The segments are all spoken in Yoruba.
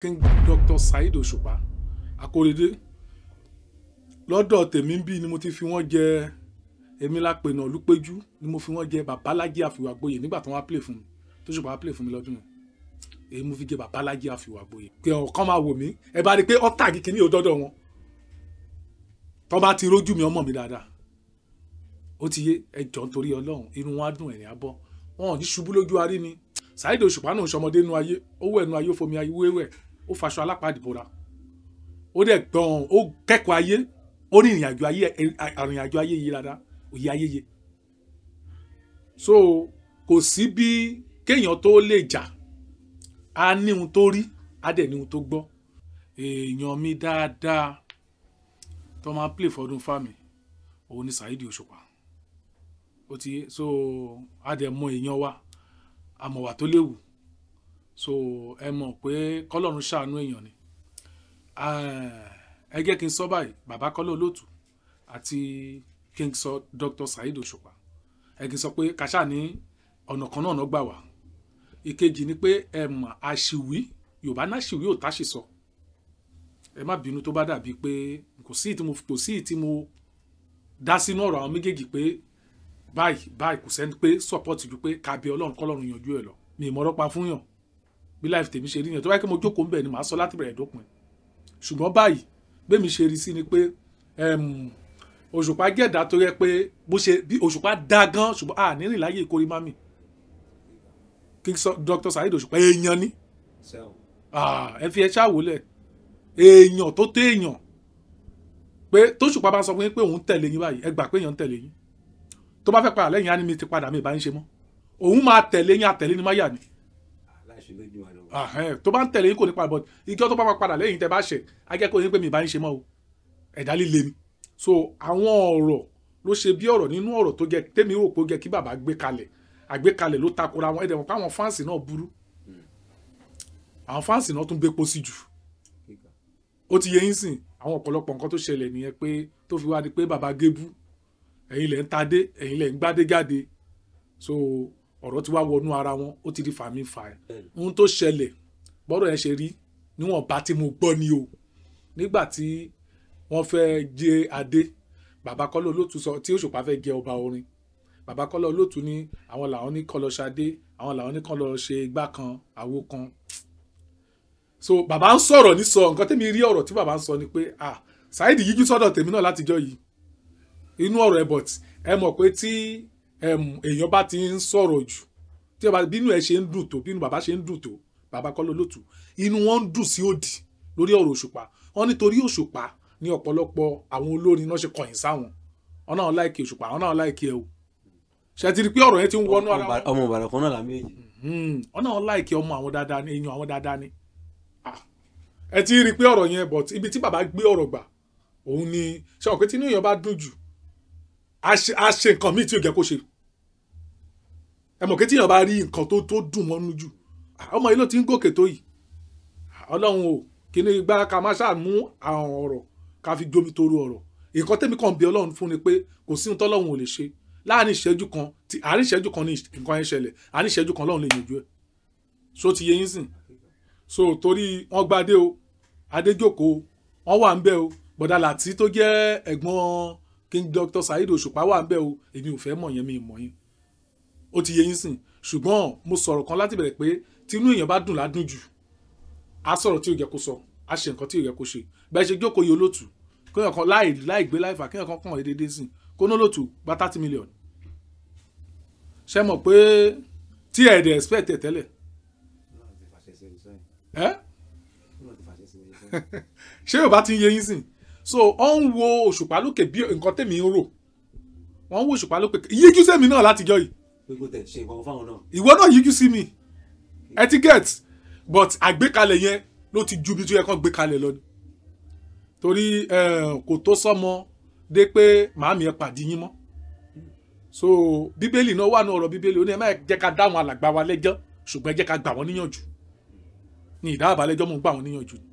King Dr. Saheed Òṣùpá Akóredé lọ́dọ̀ tèmi ń bí ni mo ti fi wọ́n jẹ èmi lápẹ̀nà olúpẹ́jú ni mo fi wọ́n jẹ babalájí àfìwàgboyè nígbà tí wọ́n á play fún mi tó ṣùpá play fún mi lọ́dún yẹn èyí mo fi jẹ babalájí àfìwàgboyè pé ọ̀kan máa wò mí ẹ bá rí i pé ọ́ tàgì kìíní ò dọ́dọ̀ wọn tó bá ti rójú mi ọmọ mi dáadáa ó ti yé ẹjọ́ nítorí ọlọ́run irun wọn á dùn ẹ̀rìn abọ́ wọn ò ní ṣubú lójú arí ni Saheed Òṣùpá náà ń ṣọmọdé nu ayé owó ẹnu ayé fomi ayé wéwẹ̀ ó faṣọ alápàdìbòra ó dẹ̀ gbọ̀n ó kẹ́kọ̀ọ́ ayé ó ní ìrìnàjò ayé àrìnàjò ayé yìí rárá òye ayé yìí so kò sí bí kéèyàn tó lè jà á ní ohun tó rí á dẹ̀ ní ohun tó gbọ́ èèyàn mi dáadáa tó máa play fọdún fáàmì òun ni Saheed Òṣùpá ó ti so á dẹ̀ mọ èèyàn wa àmọ̀wà tó léwu so ẹ mọ̀ pé kọ́lọ́run ṣàánú èèyàn ni ẹ jẹ́ kí n sọ báyìí bàbá kọ́lọ́ olóòtú àti kí n sọ Dr. Saheed Òṣùpá ẹ kì í sọ pé kàṣà ní ọ̀nà kan náà gbà wá ìkejì ni pé ẹ mọ̀ àṣìwí Yorùbá náà ṣìwí ò tá ṣì sọ ẹ má bínú tó bá dàbí pé kò sí ìtí mo kò sí ìtí mo dá sínú ọ̀rọ̀ àwọn méjèèjì pé báyìí báyìí kò sẹ́ni pé support ju pé kàbí kọ́lọ́run yanjú ẹ̀ lọ mi ìmọ̀ràn pa fún yàn bí life tèmi ṣe rí yẹn tó báyìí pé mo jókòó ń bẹ̀ ni màá sọ láti bẹ̀rẹ̀ dópin ṣùgbọ́n báyìí bẹ́mi ṣe rí sí ni pé òṣùpá jẹ̀dá tó yẹ pé bó ṣe bí òṣùpá dá gan ṣùgbọ́n a nírìn láyé ìkórè mami Dr. Saheed òṣùpá èèyàn ni ẹ fi ẹ ṣàwọlẹ̀ èèyàn tó tó èèyàn pé tóṣùpá bá sọ fún yín pé òun tẹ̀lé yín báyìí ẹ gbà pé èèyàn ń tẹ̀lé yín tó bá fẹ́ padà lẹ́yìn á ní mi ti padà mi ìbá ń ṣe mọ́ òun máa tẹ̀lé yín àtẹ̀lé ni má yà ni. Ah, eh, tó bá ń tẹ̀lé yín kò ní padà but igi tó bá máa padà lẹ́yìn tẹ́ bá ṣẹ̀ ajẹ́kọ̀ọ́ yín pé mi ìbá yín ṣe mọ́ o ẹ̀dá líle ni so àwọn ọ̀rọ̀ ló ṣe bí ọ̀rọ̀ nínú ọ̀rọ̀ tó jẹ tèmi rò pé ó jẹ kí bàbá gbé kalẹ̀ àgbékalẹ̀ ló takora wọn ẹ̀dẹ̀ mọ̀ pé àwọn fáǹsì náà burú hmm. àwọn fáǹsì náà tún gbépo sí jù ó ti yẹ yín sìn àwọn ọ̀pọ̀lọpọ̀ nǹkan tó ṣẹlẹ̀ nìyẹn pé tó fi wá di pé bàbá gébú ẹ̀yin lẹ̀ ń tadé ẹ̀yin lẹ̀ ń gbádégáde so ọ̀rọ̀ ti wá wọnú ara wọn ó ti di fàmí fà ẹ́ ohun tó ṣẹlẹ̀ bọ́rọ̀ yẹn ṣe rí níwọ̀n bá tí mo gbọ́ ni o nígbà tí wọ́n fẹ́ jẹ adé bàbá kọ́lọ́ olóòtú sọ tí òṣùpá fẹ́ jẹ ọba orin bàbá kọ́lọ́ olóòtú ní àwọn làwọn ní kọ́lọ́ ṣadé àwọn làwọn ní kọ́lọ́ ṣe igbá kan àwo kan so bàbá ń sọ̀rọ̀ ní sọ nǹkan tẹ́mi rí ọ̀rọ̀ tí bàbá ń sọ ni pé ah Saheed yíjú sọ́dọ̀ tèmi náà látijọ́ yìí inú ọ̀rọ̀ ẹ̀ ẹ mọ̀ pé tí èèyàn bá ti ń sọ̀rọ̀ jù tí ọba bínú ẹ ṣe ń dùn tó bínú bàbá ṣe ń dùn tó bàbá kọ́ ló lòtù inú wọn ń dùn sí òdì lórí ọ̀rọ̀ òṣùpá wọn nítorí òṣùpá ní ọ̀pọ̀lọpọ̀ àwọn olórin náà ṣe kọ̀yìn sáwọn wọn náà láìkí òṣùpá wọn náà láìkí ẹ o ṣe ti rí pé ọ̀rọ̀ yẹn ti ń wọnú ara wọn. ọmọ ìbàdàn kan náà là méjì. Hmm, wọn náà láìkí ọmọ àwọn dáadáa ni eyín àwọn dáadáa ni ẹ ti rí pé ọ̀rọ̀ yẹn but ibi tí bàbá gbé ọ̀rọ̀ gbà òun ni ṣe ọ̀pẹ tí inú èèyàn bá dùn jù a ṣe a ṣe nǹkan míì tí ò jẹ́ kó ṣe ẹ mọ̀ kétí èèyàn bá rí nǹkan tó tó dùn mọ́nú jù ah, ọmọ yìí ló ti ń gòkè tó yìí ah, ọlọ́run o kíní gbá ká má ṣáà mú àwọn ọ̀rọ̀ ká fi gbomi toró ọ̀rọ̀ nǹkan tẹ́mi kàn bí ọlọ́run fún ni pé kò sí ohun tọ́lọ́run ò lè ṣe láàrin ìṣẹ́jú kan tí àárín ìṣẹ́jú kan ní nǹkan ẹ̀ ṣẹlẹ̀ àárín ìṣẹ́jú kan lọ́run lè yanjú ẹ̀ so ti yé yín sìn so torí wọ́n gbadé o adéjòkó wọ́n wà ń bẹ́ o bọ̀dà làtí tó jẹ́ ẹ̀gbọ́n King Dr. Saheed Òṣùpá wà ń bẹ̀ o èmi ò fẹ́ mọ̀ yẹn mi ì mọ̀ yín ó ti yé yín sìn ṣùgbọ́n mo sọ̀rọ̀ kan láti bẹ̀rẹ̀ pé tinú èèyàn bá dùn ládùn jù á sọ̀rọ̀ tí ò yẹ kó sọ á ṣe nǹkan tí ò yẹ kó ṣe bẹ́ẹ̀ ṣe jókòó yìí olóòtú kéèyàn kan láì láì gbé láì fà kéèyàn kan kàn é déédéé sìn kó ní olóòtú gba thirty million ṣe mọ̀ pé tí ẹ̀ dẹ̀ expect ẹ̀ tẹ́lẹ̀ ṣé yóò bá ti yé yín sìn so ọ ń wo òṣùpá lókè bí nǹkan tèmi ń rò wọ́n ń wo òṣùpá lókè yíjú sẹ́mi náà láti jọ yìí. gbogbo tẹ̀ ṣe ìwọ fáwọn náà. yíjú sí mi etiquette but àgbékalẹ̀ yẹn ló ti ju ibi tó yẹ kán gbé kalẹ̀ lọ ni torí kò tó sọmọ dé pé màámi ẹ pàdé yín mọ́ so bíbélì náà wà ní ọ̀rọ̀ bíbélì ó ní ẹ má jẹ́ ká dá àwọn alàgbà wa lẹ́jọ́ ṣùgbọ́n ẹ jẹ́ ká gbà wọ́n níyànjú ní ìdáàbà lẹ́jọ́ mò gbà wọ́n níyànjú ni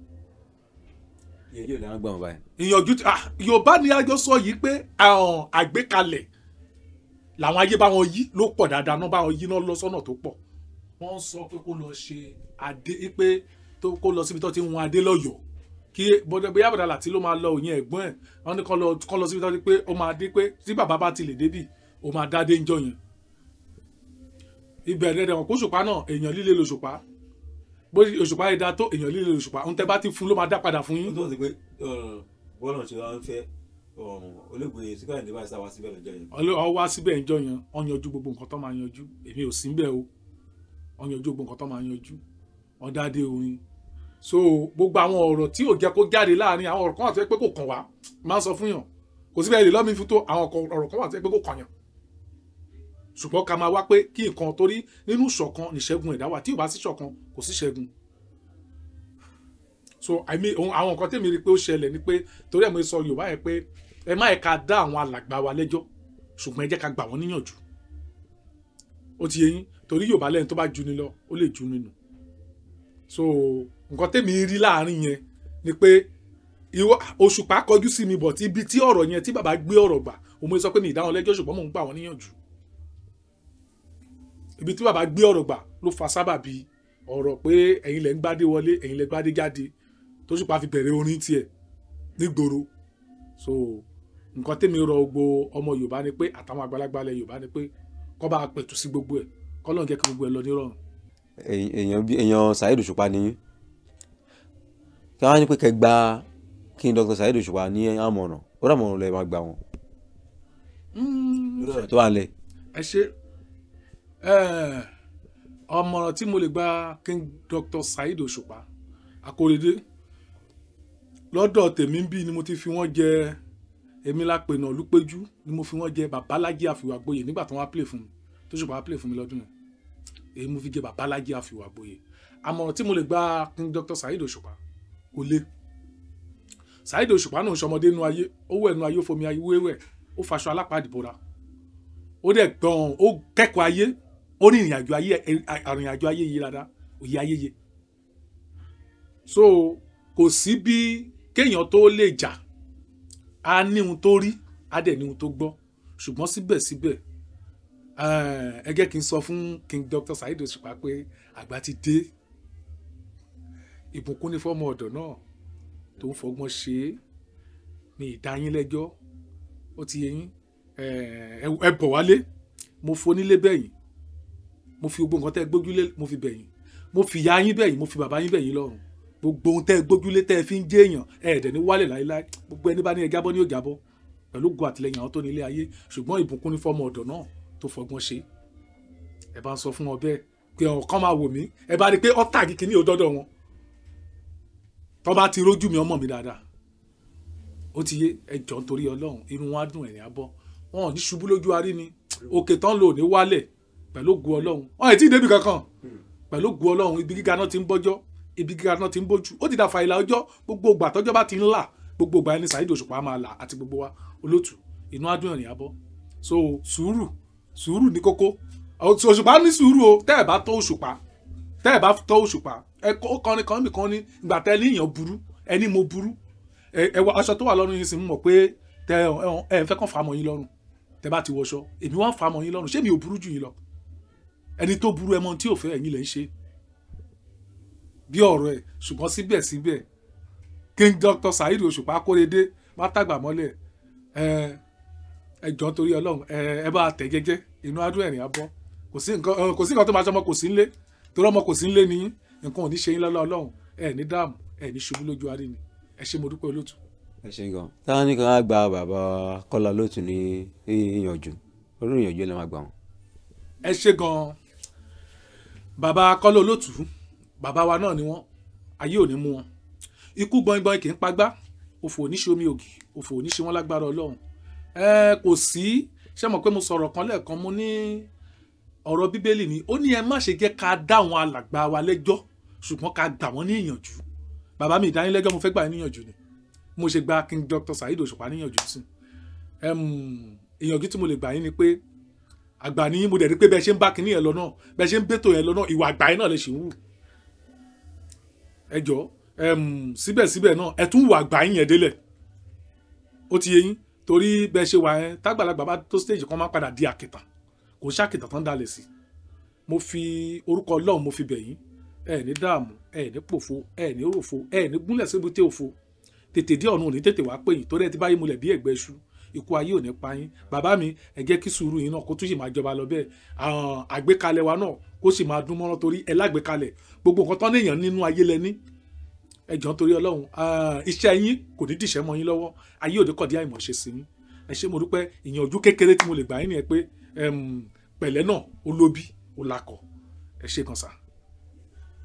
yóò dáná gbọ́n báyìí. ìyànjú ah, yorùbá ni a jọ sọ yìí pé àgbékalẹ̀ làwọn ayé bá wọn yí ló pọ̀ dáadáa náà bá wọn yí náà lọ sọ́nà tó pọ̀ wọ́n sọ pé kó lọ ṣe adé pé kó lọ síbi tó ti ń wọn adé lọ́yọ̀ọ́ kí bóyá bàdà láti ló máa lọ òyìn ẹ̀gbọ́n ẹ̀ wọ́n ní kọ́ lọ síbi tó ti pé ó máa dé pé tí bàbá bá ti lè débì ó máa dá dé ń jọ yẹn ibẹ̀ ẹ̀dẹ̀dẹ̀ wọn kó ṣùpá náà èèyàn líle lòṣùpá bó òṣùpá yìí dá tó èèyàn líle òṣùpá ohun tẹ bá ti fún ló máa dá padà fún yín. ó tó ti pé bọ́ọ̀lù ṣe wá ń fẹ́ olóògbé síkàlẹ̀ ní báyìí sáwá síbẹ̀ lọ́jọ́ yẹn. ọ wá síbẹ̀ ńjọ́ yẹn ọ yanjú gbogbo nǹkan tó máa yanjú èmi ò sí bẹ́ẹ̀ o ọ yanjú gbogbo nǹkan tó máa yanjú ọ orin so gbogbo àwọn ọ̀rọ̀ tí ò jẹ́ kó jáde láàrin àwọn ọ̀rọ̀ kan wà tó yẹ pé kò kàn wá máa ń sọ fún yàn kò síbẹ̀ lè lọ́mí fún tó àwọn ọ̀rọ̀ kan wà tó yẹ pé kò kàn yàn ṣùgbọ́n ká máa wá pé kí nǹkan torí nínú ṣọ̀kan nìṣẹ́gun ẹ̀dá tí ò bá sí ṣọ̀kan kò sí ṣẹ́gun so i mean àwọn nǹkan tèmi rí i pé ó ṣẹlẹ̀ ni pé torí ẹ̀ mo sọ yorùbá yẹn pé ẹ má ẹ̀ka dá àwọn alàgbà wa lẹ́jọ́ ṣùgbọ́n ẹ jẹ́ ká gbà wọ́n níyànjú ó ti yé yín torí yorùbá lẹ́yìn tó bá ju ni lọ ó lè ju nínú so nǹkan tèmi rí láàrin yẹn ni pé Òṣùpá kọjú sí mi bọ̀ tí ibi tí ọ̀rọ̀ yẹn tí bàbá gbé ọ̀rọ̀ gbà òun sọ pé mi ìdáwọn lẹ́jọ́ ṣùgbọ́n mò ń gbà wọ́n níyànjú ibi tí bàbá gbé ọ̀rọ̀ gbà ló fa sábàbí ọ̀rọ̀ pé ẹ̀yin lẹ́ ń gbádé wọlé ẹ̀yin lẹ́ gbádé jáde tó sì pa fi bẹ̀rẹ̀ orin tiẹ̀ nígboro so nǹkan tèmi rọ gbogbo ọmọ Yorùbá ni pé àtàwọn àgbàlagbà ilẹ̀ Yorùbá ni pé kọ́ bá pẹ̀tù sí gbogbo ẹ̀ kọ́ lóun jẹ́ kí gbogbo ẹ̀ lọ nírọ̀rùn. èèyàn bí èèyàn Saheed Òṣùpá ni kí wọ́n á ní pé kẹ́ gba kí Dr. Saheed Òṣùpá ní àmọ̀ràn ó dàmọ̀ràn lẹ́ẹ̀ máa gbà wọ́n. Hmm. ẹ ṣe Eh, ọmọràn tí mo lè gba King Dr. Saheed Òṣùpá Akóredé lọ́dọ̀ tèmi ń bí ni mo ti fi wọ́n jẹ èmi lápẹ̀nà olúpẹ́jú ni mo fi wọ́n jẹ babalájí àfìwàgboyè nígbà tí wọ́n á play fún mi tó ṣùpá play fún mi lọ́dún náà èyí mo fi jẹ babalájí àfìwàgboyè àmọ̀ràn tí mo lè gba King Dr. Saheed Òṣùpá kò le Saheed Òṣùpá náà ṣọmọdé nu ayé ó wẹ̀ nu ayé ó fomi ayé wéwẹ̀ ó faṣọ alápàdìbora ó dẹ̀ gbọ́n ó kẹ́kọ̀ọ́ ayé ó ní ìrìnàjò ayé àrìnàjò ayé yìí rárá òye ayé yìí so kò sí bí kéèyàn tó lè jà á ní ohun tó rí á dẹ̀ ní ohun tó gbọ́ ṣùgbọ́n síbẹ̀síbẹ̀ ẹ jẹ́ kí n sọ fún King Dr. Saheed Òṣùpá pé àgbà ti dé ìbùkún ní fọ́mọ ọ̀dọ̀ náà tó ń fọgbọ́n ṣe é ní ìdáyínlẹ́jọ́ ó ti yẹ yín ẹ bọ̀ wálé mo fonílé bẹ́yìn mo fi gbogbo nǹkan tẹ́ ẹ gbójúlé mo fi bẹ̀yìn mo fi ìyá yín bẹ̀yìn mo fi bàbá yín bẹ̀yìn lọ́rùn gbogbo ohun tẹ́ ẹ gbójúlé tẹ́ ẹ fi ń jẹ́ èèyàn ẹ̀ẹ́dẹ̀ ní wálẹ̀ láéláé gbogbo ẹni bá ní ẹ jábọ́ ní òjábọ́ pẹ̀lú ògo àtìlẹyìn àwọn tó ní ilé ayé ṣùgbọ́n ìbùkún ní fọ́mọ ọ̀dọ̀ náà tó fọgbọ́n ṣe ẹ bá ń sọ fún wọn bẹ́ẹ̀ pé ọ̀hún kan máa wò mí ẹ bá rí i pé ọ́tà kìkì ní òdọ́dọ̀ wọn tó bá ti rójú mi ọmọ mi dáadáa ó ti yé ẹjọ́ nítorí ọlọ́run inú wọn dùn ẹ̀yìn abọ́ wọn ò ní ṣubú lójú arí ni òkè tán lò ní wálẹ̀ pẹ̀lú ògùn ọlọ́run wọn ẹ̀ tí ì débi kankan pẹ̀lú ògùn ọlọ́run ibi gíga náà ti ń bọ́jọ́ ibi gíga náà ti ń bójú ó ti dàfà ìlà ọjọ́ gbogbo ìgbà tọ́jọ́ bá ti ń là gbogbo ìgbà ẹni Saheed Òṣùpá máa là àti gbogbo wa olótù inú adùn ìrìn àbọ̀ so sùúrù sùúrù ní kókó Òṣùpá ní sùúrù o tẹ́ ẹ̀ bá tọ́ Òṣùpá tẹ́ ẹ̀ bá tọ́ Òṣùpá ẹ kọrin kan nìkan ní ìgbà tẹ́ ní èèyàn burú ẹni mo burú ẹ wọ aṣọ tó wà lọ́rùn yín sì mọ̀ pé tẹ ẹ fẹ́ bá ti wọṣọ èmi wá fàmọ́ yín lọ́rùn ṣé mi ò burú jù yín lọ ẹni tó burú ẹmọ tí ò fẹ́ ẹ̀yin lè ń ṣe bí ọ̀rọ̀ ẹ̀ ṣùgbọ́n síbẹ̀síbẹ̀ King Dr. Saheed Òṣùpá Kóredé má tàgbà mọ́lẹ̀ ẹjọ́ torí Ọlọ́run ẹ bá tẹ̀ jẹ́jẹ́ inú adùn ẹ̀rìn abọ́ kò sí nǹkan tó máa ṣe ọmọ kò sí ńlé torí ọmọ kò sí ńlé ní nǹkan ò ní ṣe yín lọ́lọ́ Ọlọ́run ẹ ní dààmú ẹ ní ṣubú lójú arí ni ẹ ṣe mo dúpẹ́ olóòtú. ẹ ṣe gan táwọn ní kan á gba bàbá Kọ́lá Olóòtú ní ìyànjú orí ìyànjú ló máa gbà wọn. ẹ ṣe gan bàbá kọ́lá olótù bàbá wa náà ni wọ́n ayé ò ní mú wọn ikú gbọ̀ngbọ̀n kì í pagbá òfò oníṣe omi ògì òfò oníṣe wọn lágbára ọlọ́run ẹ kò sí ṣé mọ̀ pé mo sọ̀rọ̀ kan lẹ́ẹ̀kan mo ní ọ̀rọ̀ bíbélì ni ó ní ẹ má ṣe jẹ́ ká dá àwọn alàgbà wa lẹ́jọ́ ṣùgbọ́n ká gbà wọ́n ní ìyànjú bàbá mi ìdánilẹ́jọ́ mo fẹ́ gbà níyànjú ni mo ṣe gba King Dr. Saheed Òṣùpá níyànjú sí ìyànjú tí mo lè gbà yín ni pé àgbà nìyí mo dẹ̀ rí pé bẹ́ẹ̀ ṣe ń bá kinní yẹn lọ náà bẹ́ẹ̀ ṣe ń bẹ́tò yẹn lọ náà ìwà àgbà yẹn náà lè ṣì ń wù ẹ jọ síbẹ̀síbẹ̀ náà ẹ tún wà àgbà yẹn délẹ̀ ó ti yé yín torí bẹ́ẹ̀ ṣe wà yẹn tágbàlagbà bá tó stage kan máa padà di àkìtàn kò ṣàkìtàn tán dalẹ̀ sí mo fi orúkọ Ọlọ́run mo fi bẹ̀ yín ẹ ní dààmú ẹ ní pòfo ẹ ní òròfo ẹ ní gúnlẹ̀ síbi tí òfo tètè dé ọ̀nà òní tètè wá pè yín torí ẹ ti báyìí mulẹ̀ bí ẹ̀gbẹ́ iṣu ikú ayé ò ní pa yín bàbá mi ẹ jẹ́ kí sùúrù yín náà kó tún sì máa jọba lọ bẹ́ẹ̀ àwọn àgbékalẹ̀ wa náà kó sì máa dún mọ́rán torí ẹ lágbékalẹ̀ gbogbo nǹkan tán níyàn nínú ayé lẹ́ní ẹ jọ̀ọ́ torí ọlọ́run iṣẹ́ yín kò ní dìṣẹ́ mọ́ yín lọ́wọ́ ayé òde kọ̀dí àìmọ̀ ṣe sí yín ẹ ṣé mo dúpẹ́ ìyẹn kékeré tí mo lè gbà yín nìyẹn pé pẹ̀lẹ́ náà ó lóbi ó lakọ̀ ẹ ṣé kan sáà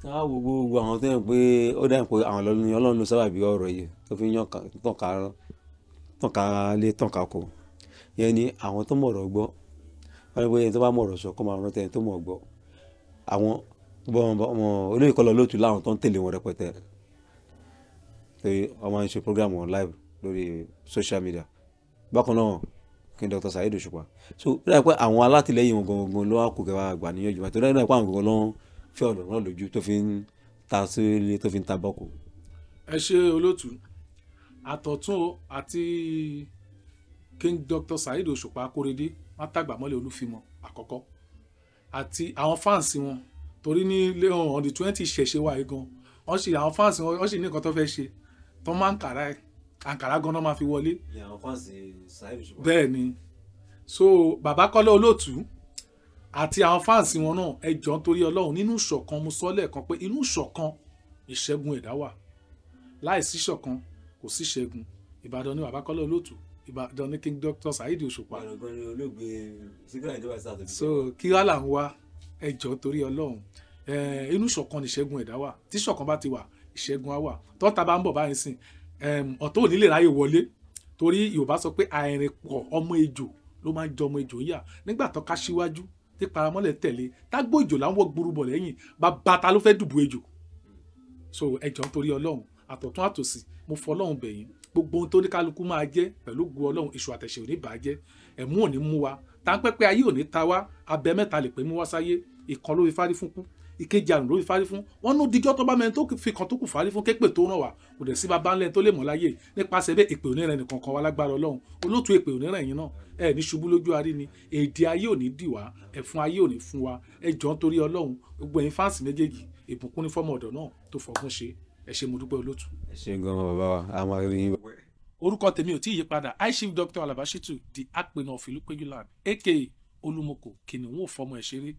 a wo gbogbo àwọn tó yẹ pé ó dáhùn pé àwọn ọlọ́run ni ọlọ́run ló sábà bí ọ̀rọ̀ yìí tó fi yàn tàn kárán tàn ká lé tàn ká kọ yẹn ni àwọn tó mọ̀rọ̀ gbọ́ wọ́n pẹ́ ẹni tó bá mọ̀rọ̀ sọ kó máa rántí ẹni tó mọ̀ gbọ́ àwọn ọmọ olóyè kọlọ lóòtú láwọn tó ń tẹ̀lé wọn rẹpẹtẹ torí ọmọ ń ṣe program on live lórí social media bákan náà kí ni Dr. Saheed Òṣùpá so ó dàbí pé àwọn alátìlẹyìn wọn gangan ló wá kó kẹwàá àgbà níyànjú àti ó dàbí pé àwọn gangan ló ń fẹ́ ọ̀dọ̀ náà lójú tó fi ń ta sílé tó fi ń ta bọ́kù. ẹ ṣe olóòtú àtọ̀tún o àti King Dr Saheed Òṣùpá Akóredé wọn tàgbà mọ́lẹ̀ Olúfìmọ̀ àkọ́kọ́ àti àwọn fáǹsì wọn torí ní ilé ọ̀hún on the twenty ṣẹ̀ṣẹ̀ wà yìí gan wọ́n ṣe àwọn fáǹsì wọn wọ́n ṣe ní nǹkan tó fẹ́ ṣe tó máa ń kàrà ẹ̀ àǹkàrà gan náà máa fi wọlé. àwọn fáǹsì Saheed Òṣùpá. bẹ́ẹ̀ ni so bàbá kọ́lé olóòtú àti àwọn fáǹsì wọn náà ẹ jọ̀ọ́ nítorí ọlọ́run nínú ìṣọ̀kan mo sọ lẹ́ẹ̀kan pé inú ìṣọ̀kan ìṣẹ́gun ẹ̀dá wà láìsí ìṣọ̀kan kò sí ṣẹ́gun ìbàdàn ni bàbá kọ́lá ìbàdàn ni king doctor saheed òṣùpá. so kí wàá là ń wá ẹjọ́ torí ọlọ́run inú ṣọ̀kan ni ìṣẹ́gun ẹ̀dá wà tí ṣọ̀kan bá ti wà ìṣẹ́gun á wà tọ́ta bá ń bọ̀ báyìí sìn ọ̀tọ̀ òní lè ráyè wọlé torí yorùbá sọ pé àìrìn pọ̀ ọmọ ejò ló máa ń jọ ọmọ ejò yà nígbà tó ká síwájú tí paramọ́lẹ̀ tẹ̀lé tágbó ejò láwọn gburubọ̀ lẹ́yìn bàbá ta ló fẹ́ dùbò ejò so ẹjọ́ torí ọlọ́run àtọ̀tún àtòsí mo fọlọ́run bẹ̀yìn gbogbo ohun tó ní kálukú máa jẹ́ pẹ̀lú gu ọlọ́run èṣù àtẹ̀ṣẹ̀ òní bàjẹ́ ẹ̀mú òní mú wa táńpẹ́pẹ́ ayé òní ta wá abẹ mẹ́ta lè pé mú wá sáyé ìkan ló fi fárí fún kú ìkejì àrùn ló fi fárí fún wọn ní díjọ́ tó bá mẹ́rin tó fi kan tó kù fárí fún képè tó ràn wá kò dẹ̀ sí bàbá ńlẹ̀ tó lè mọ̀ láyé nípasẹ̀ bẹ́ẹ̀ èpè onírẹ̀ nìkan kan wá lágbára ọlọ́run olóòtú èpè onírẹ̀ yín náà ẹ ní ṣubú lójú arí ni èdè ayé òní dì wá ẹ̀fún ayé òní fún wa ẹ jọ̀ọ́ nítorí ọlọ́run gbogbo ẹ̀yin fáǹsì méjèèjì ìbùkún ní fọ́mọ ọ̀dọ̀ náà tó fọgbọ́n ṣe ẹ ṣe mo dúpẹ́ olótú. ẹ ṣe gan-an bàbá wa a máa rí yín. orúkọ tèmi ò tí ì yí padà i chief doctor alabashitu di apinna of Ilupejuland aka olúmọkò kìnìún òfọmọ ẹ ṣeré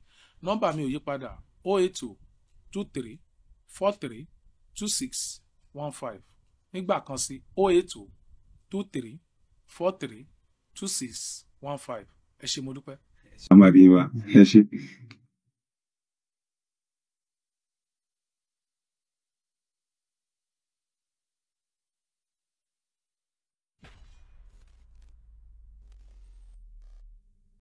nọ́mbà mi ò yí padà o oh eight two oh two three four three two six one five nígbà kan sí o oh eight two two three four three two six one five ẹ ṣe mo dúpẹ́. ẹ ṣe. ọmọ wa ẹ ṣe.